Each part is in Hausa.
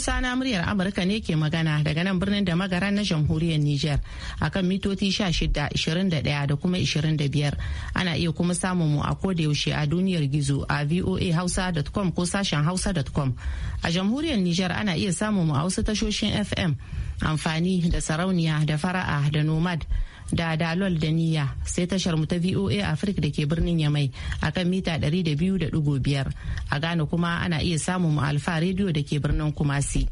musa na muryar Amurka ne ke magana daga nan birnin da magara na jamhuriyar Nijar akan mitoci 16, 21 da kuma 25. Ana iya kuma samun mu a yaushe a duniyar gizo a voahausa.com ko sashen hausa.com. A jamhuriyar Nijar ana iya samun mu a wasu tashoshin FM amfani da sarauniya da fara'a da nomad. da dalol da niyya sai tashar mu ta voa africa da ke birnin yamai akan mita 200.5 a ghana kuma ana iya samun mu alfa rediyo da ke birnin kumasi.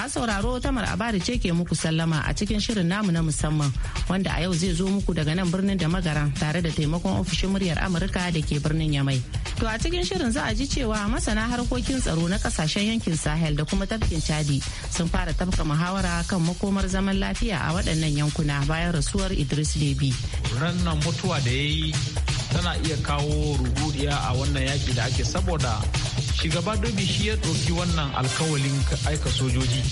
Masu sauraro Tamar Abari ce ke muku sallama a cikin shirin namu na musamman wanda a yau zai zo muku daga nan birnin da magaran tare da taimakon ofishin muryar Amurka da ke birnin Yamai. To a cikin shirin za a ji cewa masana harkokin tsaro na kasashen yankin Sahel da kuma tafkin Chadi sun fara tafka muhawara kan makomar zaman lafiya a waɗannan yankuna bayan rasuwar Idris debi Rannan mutuwa da ya yi tana iya kawo rugudiya a wannan yaki da ake saboda shugaba dobi shi ya ɗauki wannan alkawalin aika sojoji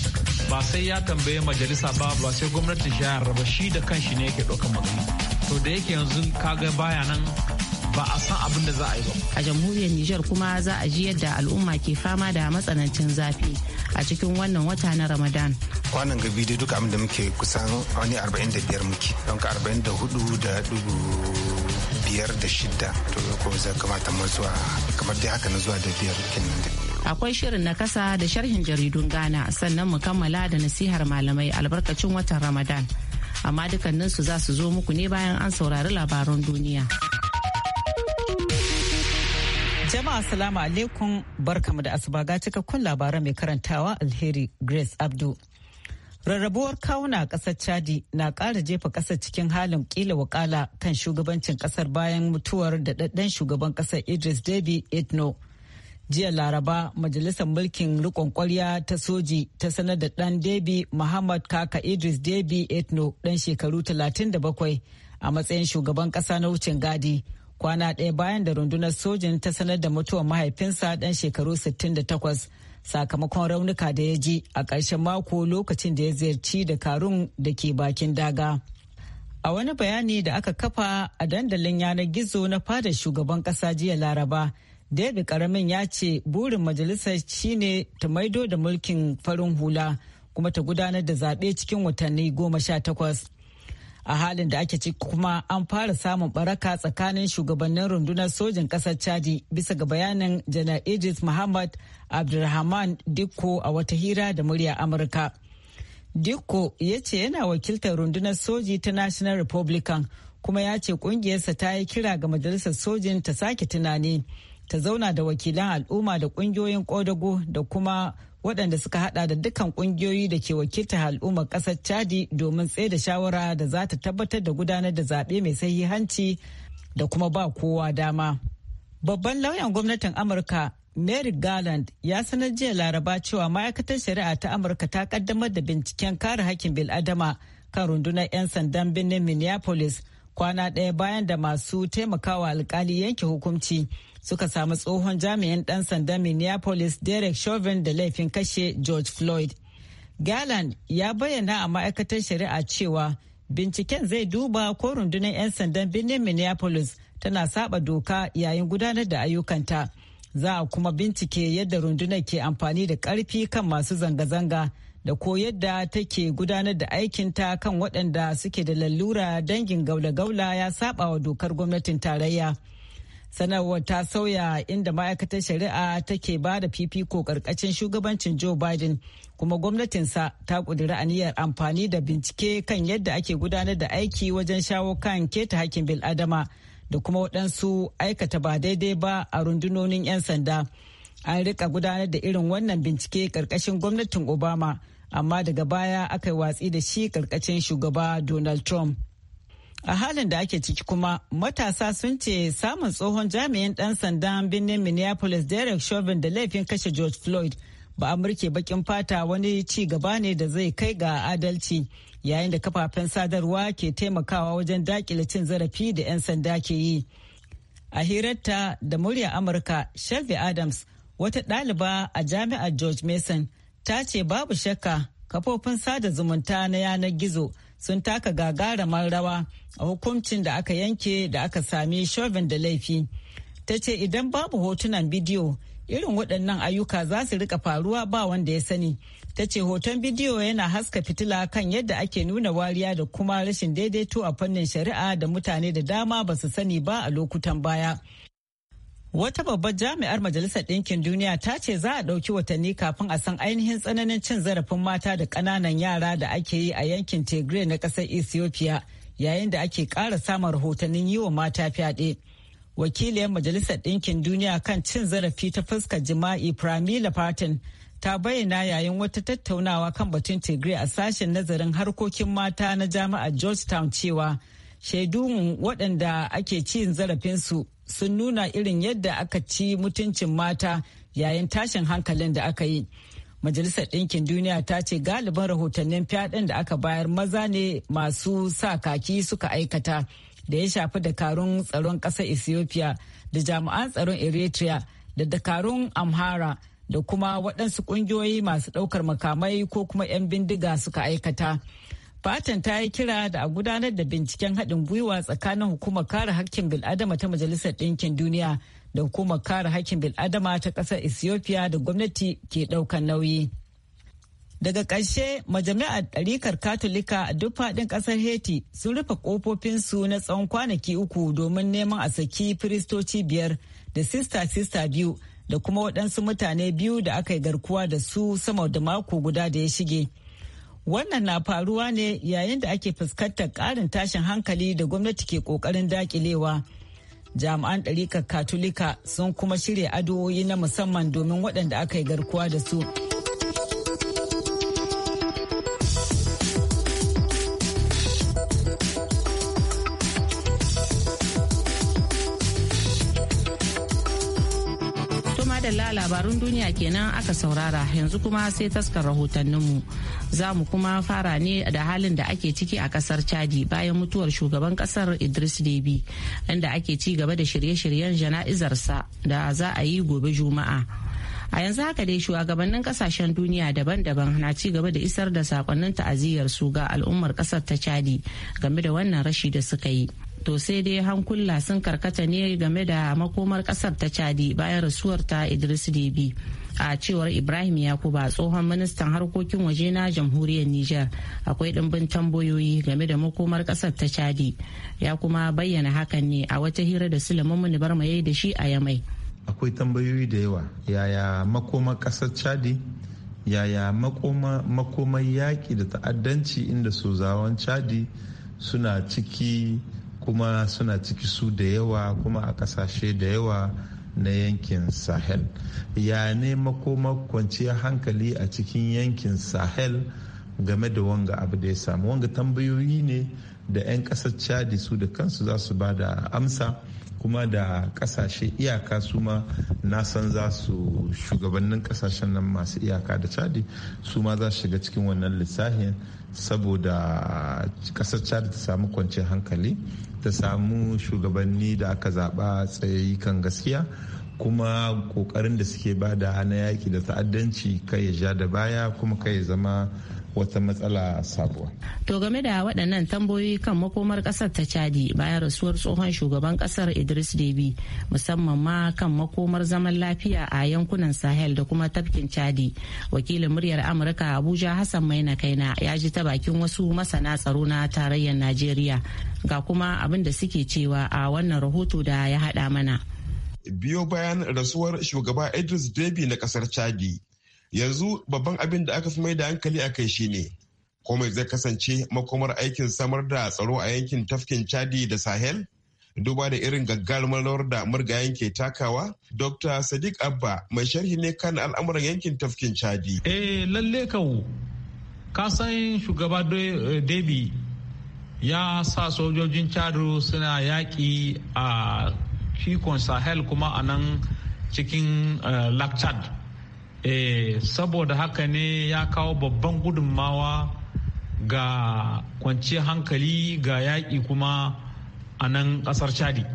ba sai ya tambaye majalisa ba ba sai gwamnatin shi ba shi da kanshi ne yake ɗaukan magana to da yake yanzu kaga baya nan ba a san abin da za a yi ba. A jamhuriyar Nijar kuma za a ji yadda al'umma ke fama da matsanancin zafi a cikin wannan wata na Ramadan. Kwanan gabi dai duka abin da muke kusan wani 45 muke, don ka 44 da dubu biyar da shida to ko zai kamata mu zuwa kamar dai haka na zuwa da biyar kenan akwai shirin na kasa da sharhin jaridun Ghana sannan mu kammala da nasihar malamai albarkacin watan Ramadan amma dukkaninsu za su zo muku ne bayan an saurari labaran duniya. Jama'a salamu alaikum barkamu da asuba ga cikakkun labaran mai karantawa alheri Grace Abdu. Rarrabuwar kawuna a ƙasar Chadi na ƙara jefa ƙasar cikin halin ƙila wakala kan shugabancin ƙasar bayan mutuwar daɗaɗɗen shugaban ƙasar Idris Deby etno Jiya Laraba, Majalisar Mulkin riƙon Kwarya ta Soji ta sanar da ɗan Deby Muhammad Kaka Idris Deby etno ɗan shekaru 37 a matsayin shugaban ƙasa na wucin gadi. kwana ɗaya bayan da rundunar sojin ta sanar da mutuwar mahaifinsa ɗan shekaru 68 sakamakon raunuka da ya ji a ƙarshen mako lokacin da ya ziyarci da karun da ke bakin daga. A wani bayani da aka kafa a dandalin yanar gizo na fadar shugaban ƙasa jiya Laraba, David Karamin ya ce burin majalisar shine ta maido da mulkin farin hula kuma ta gudanar da zaɓe cikin watanni goma sha takwas. a halin da ake ci kuma an fara samun baraka tsakanin shugabannin rundunar sojin ƙasar chadi bisa ga bayanin janar idris muhammad abdulrahman dikko a wata hira da murya amurka dikko ya ce yana wakiltar rundunar soji ta national republican kuma ya ce kungiyarsa ta yi kira ga majalisar sojin ta sake tunani ta zauna da wakilan al'umma da kungiyoyin kodago da kuma waɗanda suka hada da dukkan ƙungiyoyi da ke wakiltar al'ummar ƙasar chadi domin tsaye da shawara da za ta tabbatar da gudanar da zaɓe mai sahihanci da kuma ba kowa dama. Babban lauyan gwamnatin Amurka Mary Garland ya sanar jiya laraba cewa ma'aikatar shari'a ta Amurka ta kaddamar da binciken kare hakkin bil'adama kan rundunar 'yan sandan birnin Minneapolis kwana ɗaya bayan da masu taimakawa alkali yanke hukunci. suka samu tsohon jami'in dan sandan Minneapolis Derek Chauvin da laifin kashe George Floyd. galan ya bayyana a ma'aikatar shari'a cewa binciken zai duba ko rundunar 'yan sandan birnin Minneapolis tana saba doka yayin gudanar da ayyukanta. Za a kuma bincike yadda rundunar ke amfani da ƙarfi kan masu zanga-zanga da ko yadda take gudanar da aikinta kan waɗanda suke da lallura dangin gaula-gaula ya saba wa dokar gwamnatin tarayya. sanarwar ta sauya inda ma'aikatar shari'a take ba da fifiko karkashin shugabancin joe biden kuma gwamnatinsa ta kudura aniyar amfani da bincike kan yadda ake gudanar da aiki wajen shawo kan keta hakkin bil'adama da kuma waɗansu aikata ba daidai ba a rundunonin 'yan sanda an rika gudanar da irin wannan bincike karkashin gwamnatin obama amma daga baya aka yi watsi da shi karkashin shugaba donald trump a halin da ake ciki kuma matasa sun ce samun tsohon jami'in ɗan sandan birnin minneapolis derek chauvin da laifin kashe george floyd ba a amurke bakin fata wani ci gaba ne da zai kai ga adalci yayin da kafafen sadarwa ke taimakawa wajen dakile cin zarafi da 'yan sanda ke yi a hirarta da murya amurka shelby adams wata ɗaliba a jami'ar george mason ta ce babu shakka kafofin sada zumunta na yanar gizo sun taka gagaraman rawa a hukuncin da aka yanke da aka sami chauvin da laifi ta ce idan babu hotunan bidiyo irin waɗannan ayyuka za su rika faruwa ba wanda ya sani ta ce hoton bidiyo yana haska fitila kan yadda ake nuna wariya da kuma rashin daidaito a fannin shari'a da mutane da dama ba su sani ba a lokutan baya. Wata babbar jami'ar Majalisar Ɗinkin Duniya ta ce za a ɗauki watanni kafin a san ainihin tsananin cin zarafin mata da ƙananan yara da ake yi a yankin Tigray na ƙasar Ethiopia yayin da ake ƙara samun rahotannin yi wa mata fyaɗe. Wakiliyar Majalisar Ɗinkin Duniya kan cin zarafi ta fuskar jima'i Pramila Patin ta bayyana yayin wata tattaunawa kan batun Tigray a sashen nazarin harkokin mata na jami'ar Georgetown cewa shaidun waɗanda ake cin zarafinsu sun nuna irin yadda aka ci mutuncin mata yayin tashin hankalin da aka yi majalisar ɗinkin duniya ta ce galibin rahotannin fyaɗen da aka bayar maza ne masu sa kaki suka aikata da ya shafi dakarun tsaron ƙasar ethiopia da jami'an tsaron eritrea da dakarun amhara da kuma waɗansu ƙungiyoyi masu ɗaukar makamai ko kuma 'yan bindiga suka aikata. Fatan ta yi kira da a gudanar da binciken haɗin gwiwa tsakanin hukumar kare hakkin bil'adama ta Majalisar Ɗinkin Duniya da hukumar kare hakkin bil'adama ta ƙasar Ethiopia da gwamnati ke ɗaukar nauyi. Daga ƙarshe majami'ar ɗarikar Katolika a duk faɗin ƙasar Haiti sun rufe ƙofofinsu na tsawon kwanaki uku domin neman a saki firistoci biyar da sista sista biyu da kuma waɗansu mutane biyu da aka yi garkuwa da su sama da mako guda da ya shige. Wannan na faruwa ne yayin da ake fuskantar ƙarin tashin hankali da gwamnati ke ƙoƙarin dakilewa Jami'an ɗarikar Katolika sun kuma shirya addu'o'i na musamman domin waɗanda aka yi garkuwa da su. da labarun duniya kenan aka saurara yanzu kuma sai taskar rahotanninmu za mu kuma fara ne da halin da ake ciki a kasar chadi bayan mutuwar shugaban kasar idris debi inda ake ci gaba da shirye-shiryen jana'izarsa da za a yi gobe juma'a a yanzu haka dai shugabannin kasashen duniya daban-daban na ci gaba da isar da sakonnin ta'aziyyar su ga al'ummar kasar ta chadi game da wannan rashi da suka yi to sai dai hankula sun karkata ne game da makomar kasar ta chadi bayan rasuwar ta idris debi a cewar ibrahim yakuba tsohon ministan harkokin waje na jamhuriyar niger akwai ɗimbin tambayoyi game da makomar ƙasar ta chadi ya kuma bayyana hakan ne a wata hira da sulaiman bar ya da shi a yamai akwai tambayoyi da yawa yaya makomar ƙasar chadi yaya makomar yaƙi da ta'addanci inda sozawan chadi suna ciki kuma suna ciki su da yawa kuma a ƙasashe da yawa na yankin sahel ya ne makoma kwanciyar hankali a cikin yankin sahel game da wanga abu da ya samu wanga tambayoyi ne da 'yan kasar chadi su da kansu za su ba da amsa kuma da kasashe iyaka su ma na san za su shugabannin kasashen nan masu iyaka da chadi su ma za su shiga cikin wannan lissahin saboda kasar chadi ta samu kwanciyar hankali ta samu shugabanni da aka zaba tsayayi kan gaskiya kuma kokarin da suke bada na yaki da ta'addanci kai ya ja da baya kuma kai ya zama wata matsala sabuwa. To game da waɗannan tambayoyi kan makomar ƙasar ta Chadi bayan rasuwar tsohon shugaban ƙasar Idris Deby musamman ma kan makomar zaman lafiya a yankunan Sahel da kuma tafkin Chadi. Wakilin muryar Amurka Abuja Hassan Maina Kaina ya ji ta bakin wasu masana tsaro na tarayyar Najeriya ga kuma abin da suke cewa a wannan rahoto da ya haɗa mana. Biyo bayan rasuwar shugaba Idris Deby na ƙasar Chadi. yanzu babban abin da aka fi mai da hankali a kai ne komai zai kasance makomar aikin samar da tsaro a yankin tafkin chadi da sahel duba da irin gaggarmar rawar da murgayen ke takawa dr sadiq abba mai sharhi ne kan al'amuran yankin tafkin chadi eh lalle kawo ka san shugaba eh, debi ya sa sojojin chadu suna yaƙi a shikon sahel kuma a nan cikin eh, lakchad eh saboda haka ne ya kawo babban gudunmawa ga kwanciyar hankali ga yaƙi kuma a nan ƙasar chadi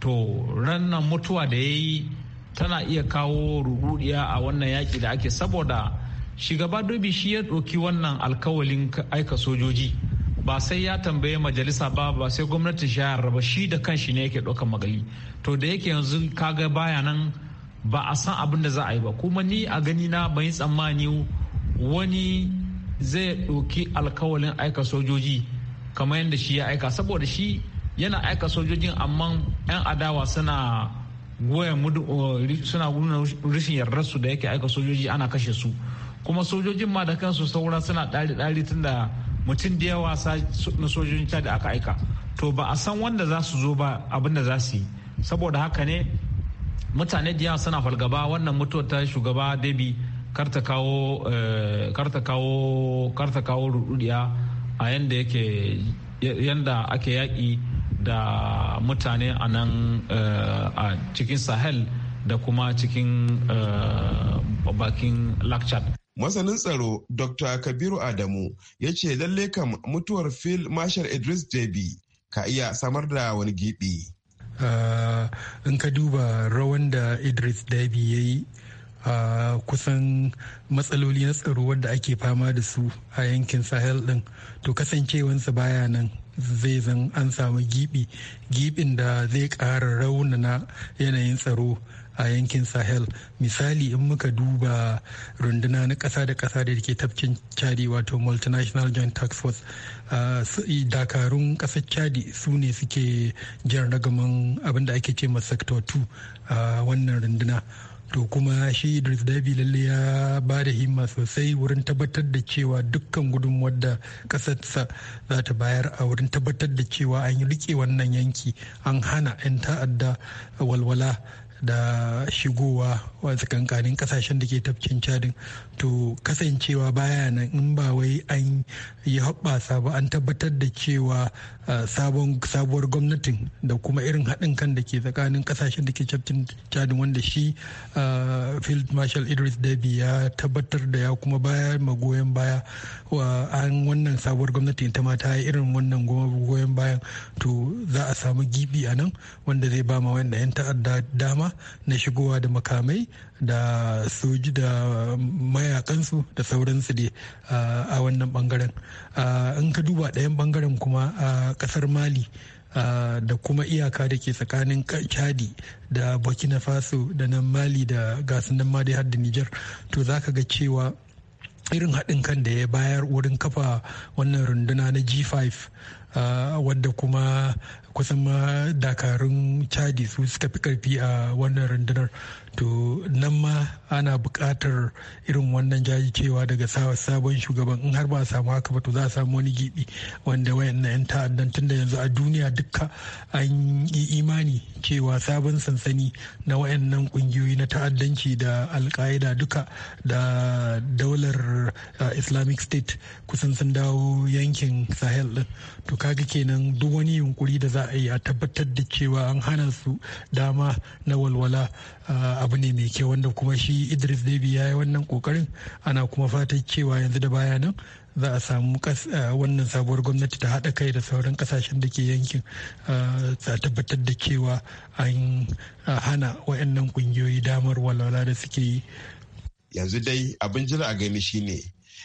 to rannan mutuwa da ya yi tana iya kawo rurudiya a wannan yaƙi da ake saboda shugaba dobi shi ya ɗauki wannan alkawalin aika sojoji ba sai ya tambaye majalisa ba ba sai gwamnati shayar ba shi da kanshi ne yake ɗaukan magali to da yake yanzu kaga baya nan ba a san abin da za a yi ba kuma ni a gani na bai tsammani wani zai ɗauki alkawalin aika sojoji kamar yadda shi ya aika saboda shi yana aika sojojin amma 'yan adawa suna goya suna nuna rashin su da yake aika sojoji ana kashe su kuma sojojin ma da kansu saura suna ɗari-ɗari tun da mutum da yawa na sojojin da aka aika to ba a san wanda za su zo ba abin da za su yi saboda haka ne mutane da suna falgaba wannan mutuwar ta shugaba debi karta kawo eh, karta kawo karta a yanda yake yanda ake yaƙi da mutane a nan eh, a cikin sahel da kuma cikin eh, bakin lakchad masanin tsaro dr kabiru adamu ya ce lalle kam mutuwar phil marshal idris debi ka iya samar da wani gibi in ka duba rawan da idris dabi ya yi a kusan matsaloli na tsaro wadda ake fama da su a yankin sahel din to kasancewansa baya nan zai zan an samu gibi gibin da zai ƙara raunana yanayin tsaro a yankin sahel misali in muka duba runduna na ƙasa da kasa da ke tafkin chadi wato multinational joint tax force dakarun ƙasar chadi su ne suke jan ragaman abinda ake ce ma sector 2 a wannan runduna to kuma shi idris dabi lalle ya ba da himma sosai wurin tabbatar da cewa dukkan gudun wadda ƙasarsa za ta bayar a wurin tabbatar da cewa an yi rike wannan yanki an hana 'yan ta'adda walwala da shigowa wasu kankanin kasashen da ke tafkin cadin to kasancewa baya nan in ba wai an yi haɓasa ba an tabbatar da cewa uh, sabon sabuwar gwamnatin da kuma irin haɗin kan da ke tsakanin kasashen da ke tafkin cadin wanda shi uh, field marshal idris dabi ya tabbatar da ya kuma baya magoyan baya wa an wannan sabuwar gwamnatin ta mata irin wannan goyon bayan to za a samu gibi a nan wanda zai ba ma wanda 'yan ta'adda dama na shigowa da makamai da soji da mayakansu da sauransu dai a wannan bangaren in ka duba ɗayan bangaren kuma a ƙasar mali Uh, da kuma iyaka da ke tsakanin chadi da burkina faso da nan mali da gasu nan ma dai har da niger to za ka ga cewa irin haɗin kan da ya bayar wurin kafa wannan runduna na g5 uh, wadda kuma kusan ma dakarun chadi su suka fi karfi a wannan rundunar to nan ma ana bukatar irin wannan jaji cewa daga sabon shugaban in har ba a samu haka ba to za a samu wani gibi wanda wayannan 'yan ta'addan tun da yanzu a duniya dukka an yi imani cewa sabon sansani na wayannan kungiyoyi na ta'addanci da alka'ida duka da daular uh, islamic state kusan sun dawo yankin sahel din to kaga kenan duk wani yunkuri da za za a yi a tabbatar da cewa an hana su dama na walwala abu ne mai kyau wanda kuma shi idris debi ya yi wannan kokarin ana kuma fatan cewa yanzu da baya nan za a samu wannan sabuwar gwamnati ta haɗa kai da sauran kasashen da ke yankin a tabbatar da cewa an hana wayannan kungiyoyi damar walwala da suke yi yanzu dai abin jira a gani shine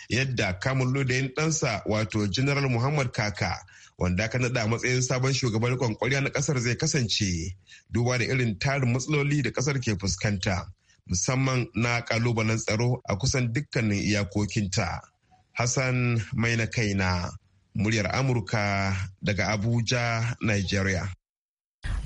yadda kamun lodayin ɗansa wato general muhammad kaka wanda aka nada matsayin sabon shugaban kwankwariya na kasar zai kasance duba da irin tarin matsaloli da ƙasar ke fuskanta musamman na kalubalen tsaro a kusan dukkanin iyakokinta hassan mai na kaina muryar amurka daga abuja nigeria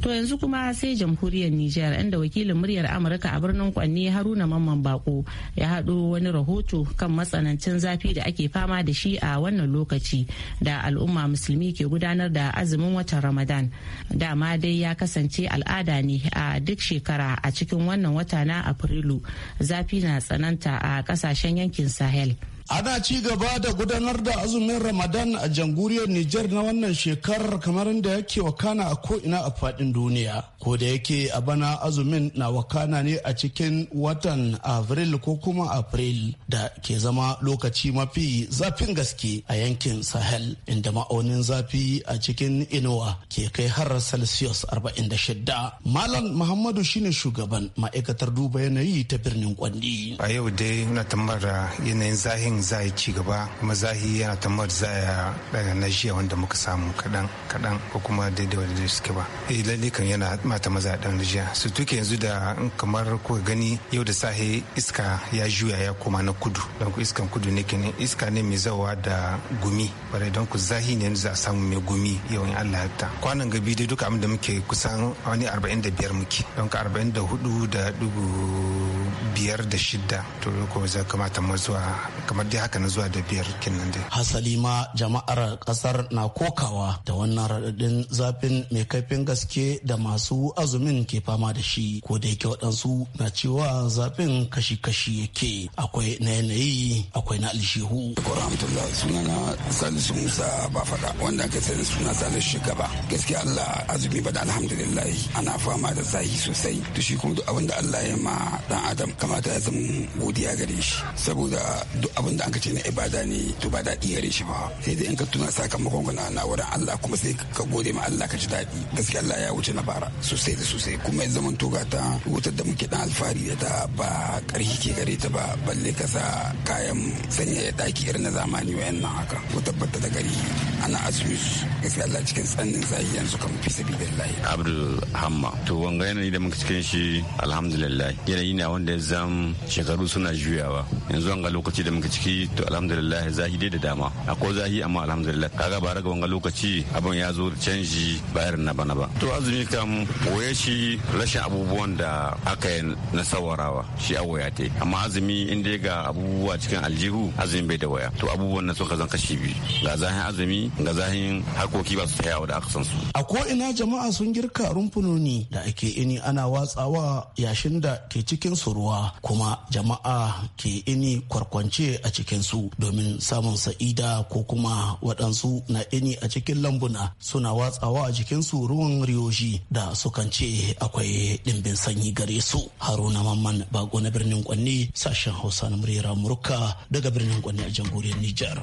To yanzu kuma sai jamhuriyar Nijar inda wakilin muryar Amurka a birnin Kwanne Haruna Mamman Bako ya haɗo wani rahoto kan matsanancin zafi da ake fama da shi a wannan lokaci da al'umma musulmi ke gudanar da azumin watan Ramadan. Dama dai ya kasance al'ada ne a duk shekara a cikin wannan wata na Afrilu zafi na tsananta a ƙasashen yankin Sahel. ana ci gaba da gudanar da azumin ramadan a jamhuriyar niger na wannan shekarar kamar da yake wakana a ko'ina a fadin duniya ko da yake a bana azumin na wakana ne a cikin watan avril ko kuma april da ke zama lokaci mafi zafin gaske a yankin sahel inda ma'aunin zafi a cikin inuwa ke kai har celsius 46 malam muhammadu shine shugaban ma'aikatar duba yanayi ta birnin kwandi a yau dai muna tambara yanayin zahin za a yi ci gaba kuma zahi yana tamar za a daga na jiya wanda muka samu kaɗan kaɗan ko kuma daidai wanda da suke ba eh lalle kan yana mata maza dan jiya su tuke yanzu da kamar ko gani yau da sahi iska ya juya ya koma na kudu don ku iskan kudu ne kenan iska ne mai zawa da gumi bare don ku zahi ne yanzu za a samu mai gumi yau in Allah ya ta kwanan gabi dai duka abin da muke kusan wani 45 muke don ka 44 da dubu biyar da shida to ko za kamata mu zuwa kamar dai haka na zuwa da biyar kinnan dai hasali ma jama'ar kasar na kokawa da wannan raɗaɗin zafin mai kaifin gaske da masu azumin ke fama da shi ko da yake waɗansu na cewa zafin kashi-kashi yake akwai na yanayi akwai na alshihu rahmatullah sunana salisu musa ba faɗa wanda ka sani suna salisu shugaba gaskiya allah azumi ba da alhamdulillah ana fama da zahi sosai to shi kuma duk abin da allah ya ma dan adam kamata ya zama godiya gare shi saboda duk abin wanda an ce na ibada ne to ba daɗi gare shi ba sai dai in ka tuna sakamakon na na wurin Allah kuma sai ka gode ma Allah ka ji daɗi gaskiya Allah ya wuce na bara sosai da sosai kuma ya zaman toga ta wutar da muke dan alfahari da ta ba ƙarfi ke gare ta ba balle ka sa kayan sanya ya ɗaki irin na zamani wayan nan haka ko tabbata da gari ana azumi gaskiya Allah cikin tsannin zahi yanzu kan fi sabilillahi Abdul Hamma to wanga yanayi da muka cikin shi alhamdulillah yanayi ne wanda ya zam shekaru suna juyawa yanzu an ga lokaci da muka cikin ciki to alhamdulillah zahi dai da dama akwai zahi amma alhamdulillah kaga ba raga wanga lokaci abin ya zo da canji bayar na bana ba to azumi kam waye shi rashin abubuwan da aka yi na shi a waya te amma azumi in dai ga abubuwa cikin aljihu azumi bai da waya to abubuwan na suka zan kashi biyu ga zahin azumi ga zahin harkoki ba su yawo da aka san su a ko ina jama'a sun girka rumfunoni da ake ini ana watsawa yashin da ke cikin suruwa? kuma jama'a ke ini kwarkwance a cikinsu domin samun sa'ida ko kuma waɗansu na ini a cikin lambuna suna watsawa a su ruwan riyoshi da sukan ce akwai ɗimbin sanyi gare su haruna mamman bago na birnin kwanni sashen hausa na muryar amurka daga birnin kwanni a jamhuriyar nijar.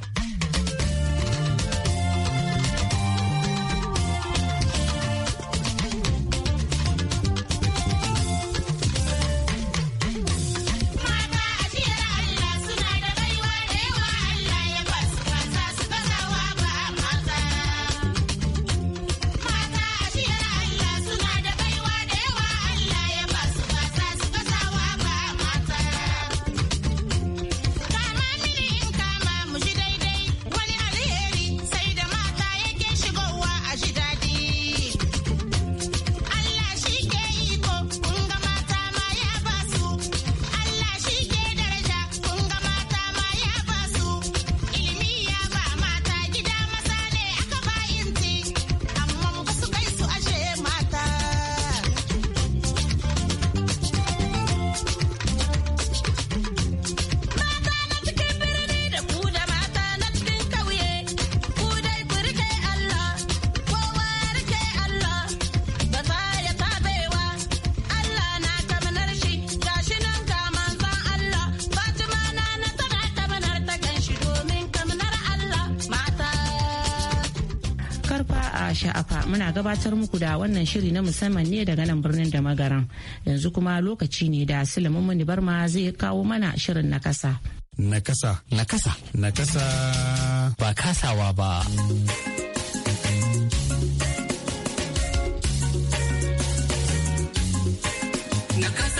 gabatar muku da wannan shiri na musamman ne daga nan birnin da magaran yanzu kuma lokaci ne da silimin muni barma zai kawo mana shirin na kasa na kasa na kasa na kasa ba kasawa ba na kasa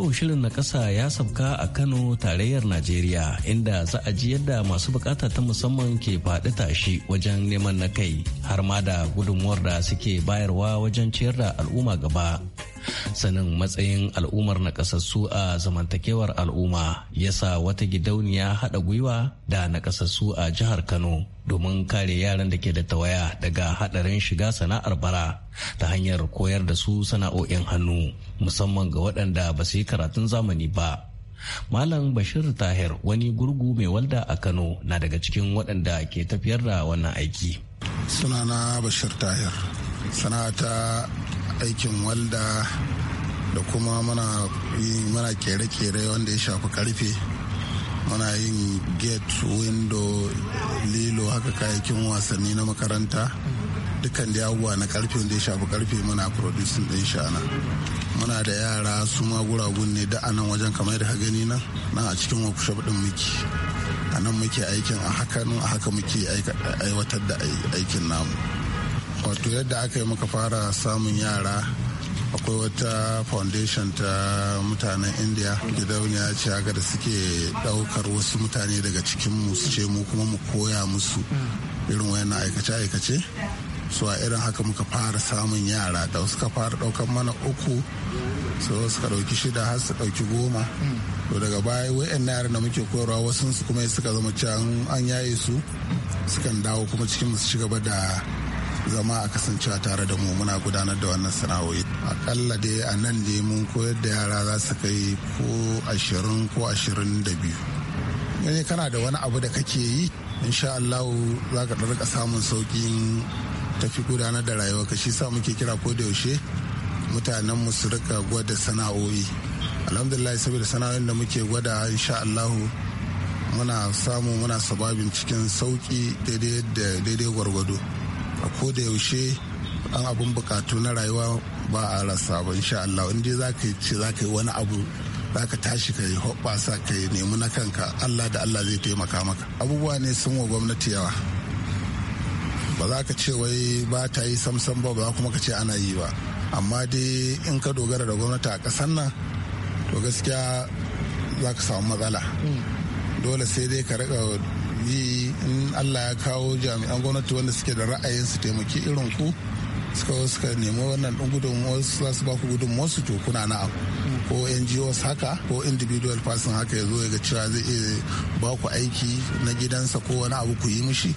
yau shirin na ƙasa ya sabka a Kano tarayyar Najeriya inda za a ji yadda masu bukata ta musamman ke faɗi tashi wajen neman na kai har ma da gudunmuwar da suke bayarwa wajen ciyar da al'umma gaba sanin matsayin al'ummar naƙasassu a zamantakewar al'umma ya sa wata gidauniya haɗa gwiwa da naƙasassu a jihar kano domin kare yaran da ke da tawaya daga haɗarin shiga sana'ar bara ta hanyar koyar da su sana'o'in hannu musamman ga waɗanda ba su yi karatun zamani ba Malam Bashir Tahir wani gurgu mai walda a Kano na daga cikin waɗanda ke tafiyar da wannan aiki. Sunana Bashir Tahir, sana'ata aikin walda da kuma mana mana kere-kere wanda ya shafi karfe muna yin gate window lilo haka kayakin wasanni na makaranta dukkan da abubuwa na karfe wanda ya shafi karfe muna producing din shana muna da yara su ma guragun ne da anan wajen kamar da gani nan nan a cikin workshop din muke a nan muke aikin a haka a haka muke aiwatar da aikin namu wato yadda aka yi muka fara samun yara akwai wata foundation ta mutanen india gidauniya ce haka da suke daukar wasu mutane daga cikin su ce mu kuma mu koya musu irin wayannan aikace-aikace su a irin haka muka fara samun yara da suka fara daukar mana uku so suka dauki shida har su dauki goma to daga baya wayan yaran da muke koyarwa wasu su kuma suka zama can an yaye su sukan dawo kuma cikin musu ci gaba da zama a kasancewa tare da mu muna gudanar da wannan sana'o'i akalla dai a nan ne mun koyar da yara za su kai ko ashirin ko ashirin da biyu ne kana da wani abu da kake yi insha Allahu za ka rika samun saukin tafi gudanar da rayuwa ka shi sa muke kira ko da yaushe mutanen mu su rika gwada sana'o'i alhamdulillah saboda sana'o'in da muke gwada insha Allahu muna samu muna sababin cikin sauki daidai gwargwado a da yaushe an abin bukatu na rayuwa ba a rasa ba insha Allah in dai zaka ce zaka yi wani abu zaka tashi ka yi hoɓɓasa ka yi nemi na kanka Allah da Allah zai taimaka maka abubuwa ne sun wa gwamnati yawa ba za ka ce wai ba ta yi samsam ba ba kuma ka ce ana yi ba amma dai in ka dogara da gwamnati a kasan nan to gaskiya za ka samu matsala mm. dole sai dai ka rika yi in allah ya kawo jami'an gwamnati wanda suke da ra'ayin su taimaki irin ku suka suka nemi wannan ɗin gudunmuwar za su ba ku gudunmuwar su to kuna na abu ko ngos haka ko individual person haka ya zo ya ga cewa zai iya ba ku aiki na gidansa ko wani abu ku yi mishi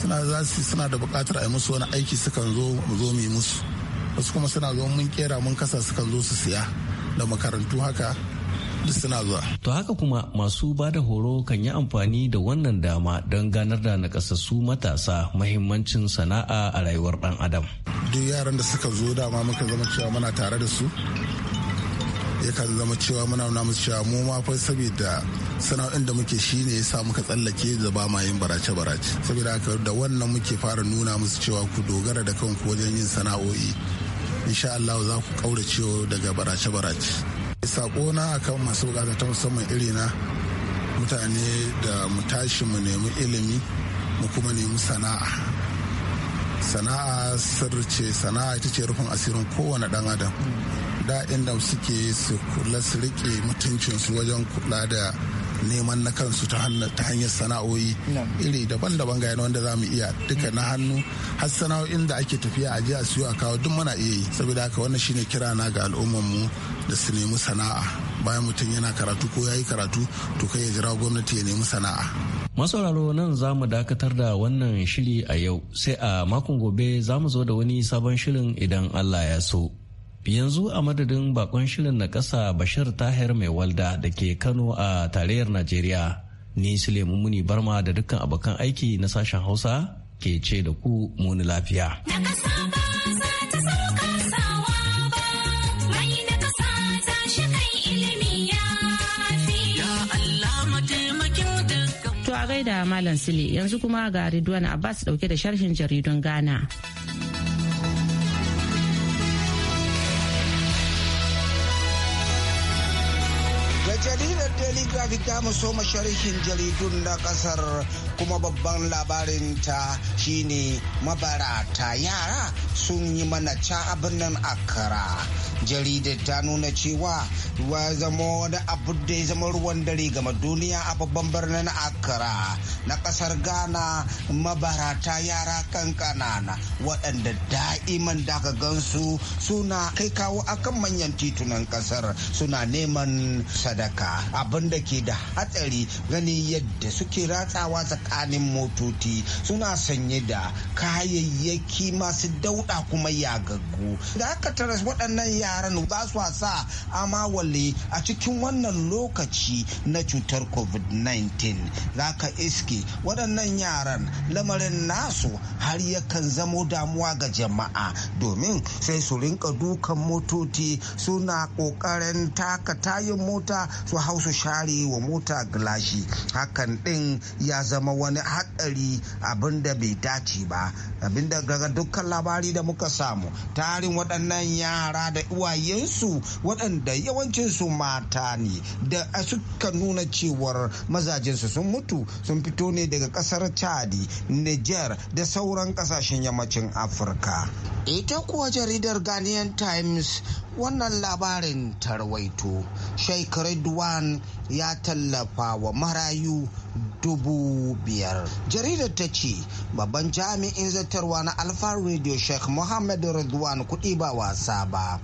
suna za su suna da buƙatar a yi musu wani aiki sukan zo mu zo mu yi musu wasu kuma suna zo mun kera mun kasa sukan zo su siya da makarantu haka duk suna zuwa to haka kuma masu ba da horo kan yi amfani da wannan dama don ganar da nakasassu matasa mahimmancin sana'a a rayuwar dan adam duk yaran da suka zo dama muka zama cewa muna tare da su yakan zama cewa muna nuna musu cewa mu ma fa saboda sana'o'in da muke shi ne yasa muka tsallake da ba ma yin barace barace saboda haka da wannan muke fara nuna musu cewa ku dogara da kanku wajen yin sana'o'i insha Allah za ku cewa daga barace barace na akan masu bukata ta musamman iri na mutane da mu tashi mu nemi ilimi mu kuma nemi sana'a sana'a sirce sana'a ita ce rufin asirin kowane dan adam da inda suke su kula su rike mutuncinsu wajen kula da neman na kansu ta hanyar sana'o'i iri daban-daban ga wanda za mu iya duka mm. na hannu har sana'o'in da ake tafiya a jiya siyo a kawo duk muna iya yi saboda haka wannan shine kira na ga al'ummarmu da su nemi sana'a bayan mutum yana karatu ko ya yi karatu to kai ya jira gwamnati ya nemi sana'a masauraro nan za mu dakatar da wannan shiri a yau sai a makon gobe za mu zo da wani sabon shirin idan allah ya so yanzu a madadin bakon shirin na ƙasa bashir tahir mai walda da ke kano a tarayyar najeriya ni silemu muni barma da dukkan abokan aiki na sashen hausa ke ce da ku muni lafiya gaida Malam Sule yanzu kuma ga Ridwan Abbas dauke da sharhin jaridun Ghana. graphic fita maso soma sharhin jaridun na kasar kuma babban labarin ta shine mabarata yara sun yi mana ca abin akara jaridar ta nuna cewa ruwa zama wani abu da ya zama ruwan dare gama duniya a babban birnin akara na kasar ghana mabarata yara na waɗanda da'iman da gansu suna kai kawo akan manyan titunan kasar suna neman sadaka abinda da ke da hatsari gani yadda suke ratsawa tsakanin motoci suna sanye da kayayyaki masu dauɗa kuma yagaggu da aka tara waɗannan yaran za su wasa amawale a cikin wannan lokaci na cutar covid-19 za ka iske waɗannan yaran lamarin nasu har yakan zamo damuwa ga jama'a domin sai su rinka dukan motoci suna ƙoƙarin taka tayin mota su hau su share sare wa mota gilashi hakan din ya zama wani haɗari abinda bai dace ba abinda daga dukkan labari da muka samu tarin waɗannan yara da iwayensu waɗanda yawancinsu mata ne da suka nuna cewar mazajensu sun mutu sun fito ne daga ƙasar chadi niger da sauran ƙasashen yammacin afirka ita kuwa jaridar ghanaian times wannan labarin tarwaito sheik redwan ya tallafa wa marayu dubu biyar jaridar ta ce babban jami'in zartarwa na alfa radio sheikh mohammed ridwan kuɗi ba wasa ba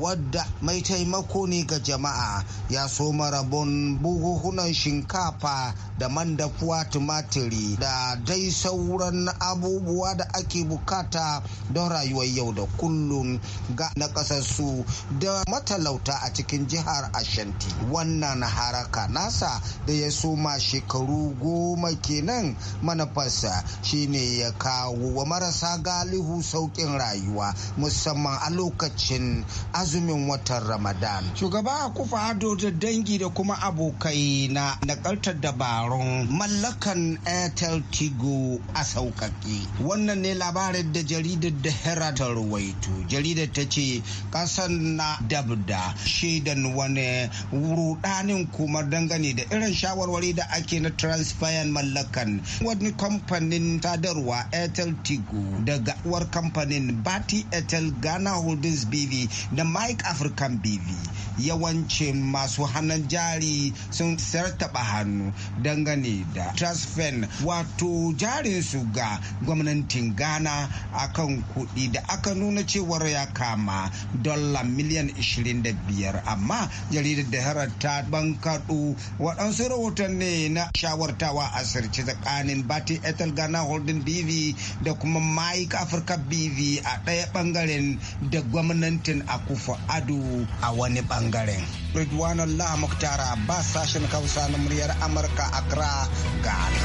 wadda mai taimako ne ga jama'a ya soma rabon buhuhunan shinkafa da man dafuwa tumatiri da dai sauran abubuwa da ake bukata don rayuwar yau da kullum ga na nakasassu da matalauta a cikin jihar ashanti wannan haraka nasa da ya soma shekaru shekaru goma kenan manafasa shine ya kawo wa marasa galihu saukin rayuwa musamman a lokacin azumin watan ramadan shugaba kufa ado da dangi da kuma abokai na nakaltar dabarun mallakan airtel tigo a sauƙaƙe wannan ne labarin da jaridar da hera ta ruwaito jaridar ta ce kasan na dabda shaidan wani rudanin kuma dangane da irin shawarwari da ake na na mallakan wani kamfanin sadarwa airtel tigo daga uwar kamfanin bati airtel ghana holdings bv da mike african bv yawancin masu hannun jari sun sartaba hannu dangane da transfen wato jarin su ga gwamnatin ghana akan kuɗi da aka nuna cewar ya kama dala miliyan 25 amma jaridar da harar ta bankaɗo waɗansu rahoton ne na shawartawa a sirce tsakanin bati etel ghana holding bv da kuma mike africa bv a ɗaya ɓangaren da gwamnatin akufa ado a wani ɓangare bangaren. Ridwanan Allah Mukhtar ba sashen Hausa na muryar Amurka Accra, Ghana.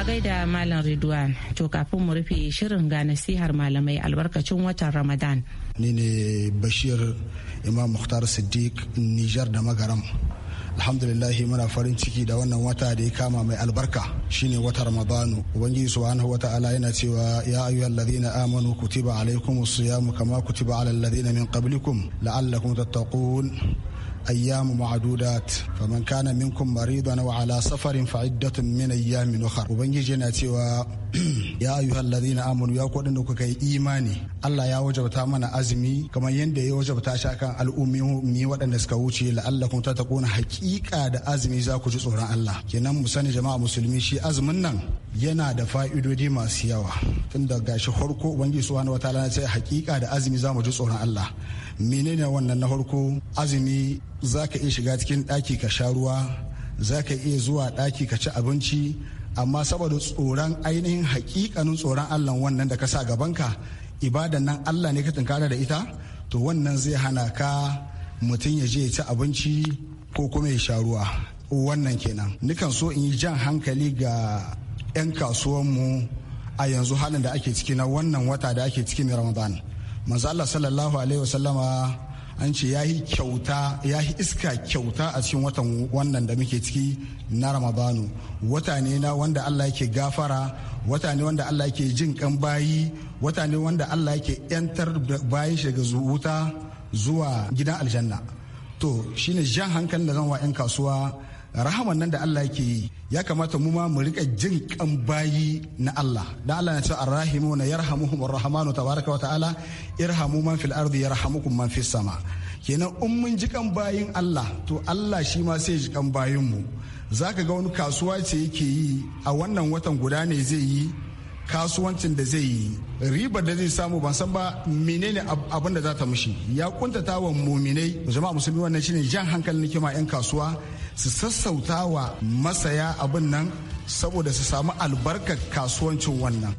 A gaida Malam Ridwan, to kafin mu rufe shirin ga nasihar malamai albarkacin watan Ramadan. Ni ne Bashir Imam Mukhtar Siddiq Nijar da Magaram. alhamdulillahi muna farin ciki da wannan wata da ya kama mai albarka shine wata ramadanu ubangiji subhanahu wata'ala yana cewa ya ayyuhal ladina amanu kutiba alaikumus siyamu kama kutiba alal ladina min qablikum la'allakum tattaqun ayyamu ma'adudat faman kana minkum maridan wa ala safarin fa iddatun min ayyamin ukhra ubangiji yana cewa ya ayyuhal ladina amanu ya ku da kuka yi imani Allah ya wajabta mana azumi kamar yadda ya wajabta shi akan al'ummi waɗanda suka wuce la'allakum tattaquna haƙiƙa da azumi za ku ji tsoron Allah kenan mu sani jama'a musulmi shi azumin nan yana da fa'idodi masu yawa tun da gashi harko ubangiji subhanahu wataala ya ce haƙiƙa da azumi za mu ji tsoron Allah menene wannan na farko azumi za ka iya shiga cikin ɗaki ka sha ruwa za ka iya zuwa ɗaki ka ci abinci amma saboda tsoron ainihin hakikanin tsoron allah wannan da ka sa gabanka ibadan nan allah ne ka tunkara da ita to wannan zai hana ka mutum ya je ya ci abinci ko kuma ya sha ruwa wannan kenan nikan so in yi jan hankali ga 'yan kasuwanmu a yanzu halin da ake ciki na wannan wata da ake ciki na ramadan Masu Allah sallallahu alaihi wasallama an ce yi kyauta ya iska kyauta a cikin watan wannan da muke ciki na Ramadanu wata ne na wanda Allah yake gafara wata ne wanda Allah yake jin kan bayi wata ne wanda Allah yake yantar bayi shi daga wuta zuwa gidan aljanna to shine jan hankalin da zan wa 'yan kasuwa rahaman nan da Allah yake yi ya kamata mu ma mu rika jin kan bayi na Allah da Allah ya ce arrahimu na yarhamuhum arrahmanu tabaraka wa ta'ala irhamu man fil ardi yarhamukum man fis sama kenan in mun ji kan bayin Allah to Allah shi ma sai ji kan bayin mu zaka ga wani kasuwa ce yake yi a wannan watan guda ne zai yi kasuwancin da zai yi ribar da zai samu ban san ba menene abin da za ta mushi ya kuntata wa muminai jama'a musulmi wannan shine jan hankalin kima yan kasuwa su sassauta wa masaya abin nan saboda su samu albarkar kasuwancin wannan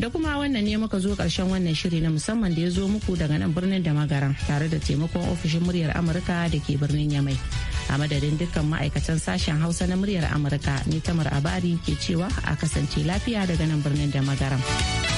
da kuma wannan ne muka zo karshen wannan shiri na musamman da ya zo muku daga nan birnin da magaran tare da taimakon ofishin muryar amurka da ke birnin yamai a madadin dukkan ma'aikatan sashen hausa na muryar amurka ni tamar abari ke cewa a kasance lafiya daga nan birnin da magaran.